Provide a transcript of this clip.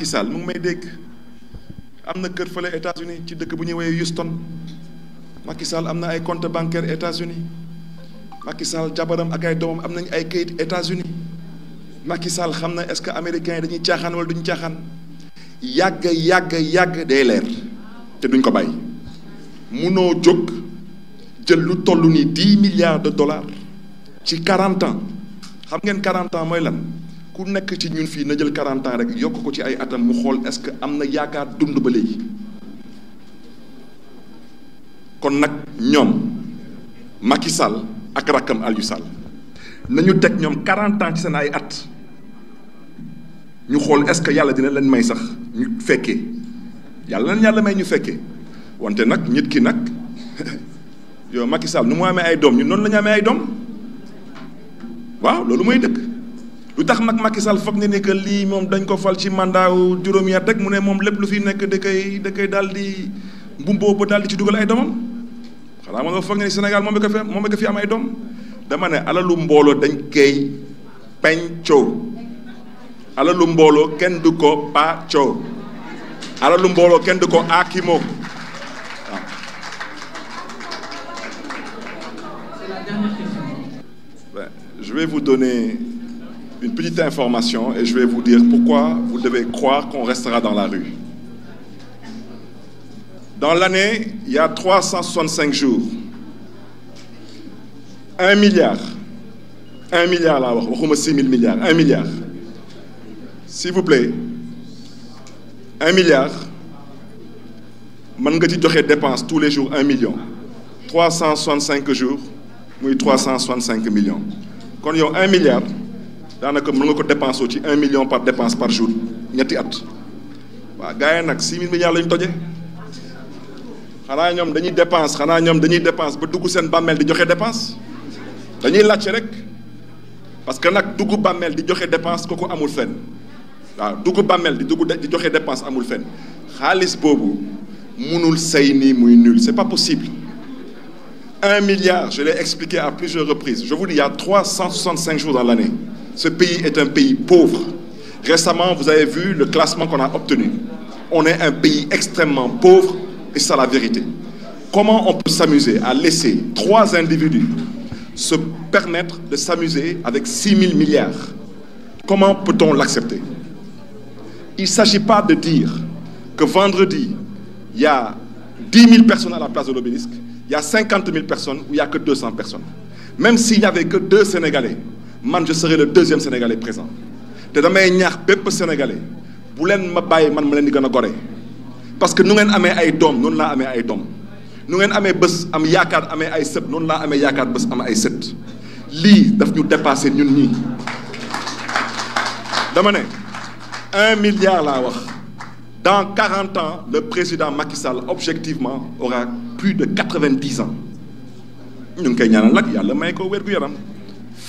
Macky Sall mu ngi may dégg am na kër fële États-Unis ci dëkk bu ñuy woowee Houston Macky Sall am na ay compte bancaire États-Unis Macky jabaram ak ay doomam am nañ ay kayit États-Unis Macky Sall xam na est-ce que américains yi dañuy caaxaan wala duñu caaxaan yàgg yàgg yàgg day leer te duñ ko bàyyi munoo jóg jël lu toll ni dix milliards de dollars ci quarante ans xam ngeen quarante ans mooy lan. ku nekk ci ñun fii na jël 40 ans rek yokk ko ci ay atam mu xool est-ce que am na yaakaar dund ba léegi kon nag ñoom Macky Sall ak rakkam Aliou Sall nañu teg ñoom 40 ans ci seen ay at ñu xool est-ce que yàlla dina leen may sax ñu fekkee yàlla leen yàlla may ñu fekkee wante nag nit ki nag yow Macky Sall nu mu amee ay doom ñu noonu lañu ñu amee ay doom waaw loolu mooy dëkk. lu tax mag Macky Sall foog ne ne que lii moom dañ ko fal ci mandat wu juróomi at rek mu ne moom lépp lu fi nekk da koy da koy daal di mbumboo ba daal di ci dugal ay doomam xanaa ma nga foog ne Sénégal moom la fi moom la fi am ay dom dama ne alalu mbooloo dañ koy pencoo alalu mbooloo kenn du ko pàccoo alalu mbooloo kenn du ko aakimoo ben, je vais vous donner une petite information et je vais vous dire pourquoi vous devez croire qu'on restera dans la rue. Dans l'année, il y a 365 jours. Un milliard. Un milliard là, 6 000 milliards. Un milliard. S'il vous plaît, un milliard. Je dépense tous les jours un million. 365 jours, oui, 365 millions. Quand il y a un milliard, danaka mën nga million par dépense par jour ñetti at 6 milliards toje dépense dañuy dépense ba dugg di joxe dépense dañuy parce que nag dugg bàmmeel di joxe dépense kooku amul fenn waaw dugg bàmmeel di dugg di dépense amul c'est pas possible 1 milliard je l'ai expliqué à plusieurs reprises je vous dis il y a 365 jours dans l'année ce pays est un pays pauvre. Récemment, vous avez vu le classement qu'on a obtenu. On est un pays extrêmement pauvre et c'est la vérité. Comment on peut s'amuser à laisser trois individus se permettre de s'amuser avec 6 000 milliards Comment peut-on l'accepter Il ne s'agit pas de dire que vendredi, il y a 10 000 personnes à la place de l'obélisque, il y a 50 000 personnes ou il n'y a que 200 personnes. Même s'il n'y avait que deux Sénégalais, man je serai le deuxième sénégalais présent sénégalais bu ma man ma di parce que nu ngeen amé ay nous sommes des ay Nous nu ngeen amé nous am yaakaar amé Nous avons la nous yaakaar bëss am ay sommes li daf Nous, ñun un milliard dans 40 ans le président Macky Sall objectivement aura plus de 90 ans ñu ngi koy ñaanal yalla may ko gu yaram.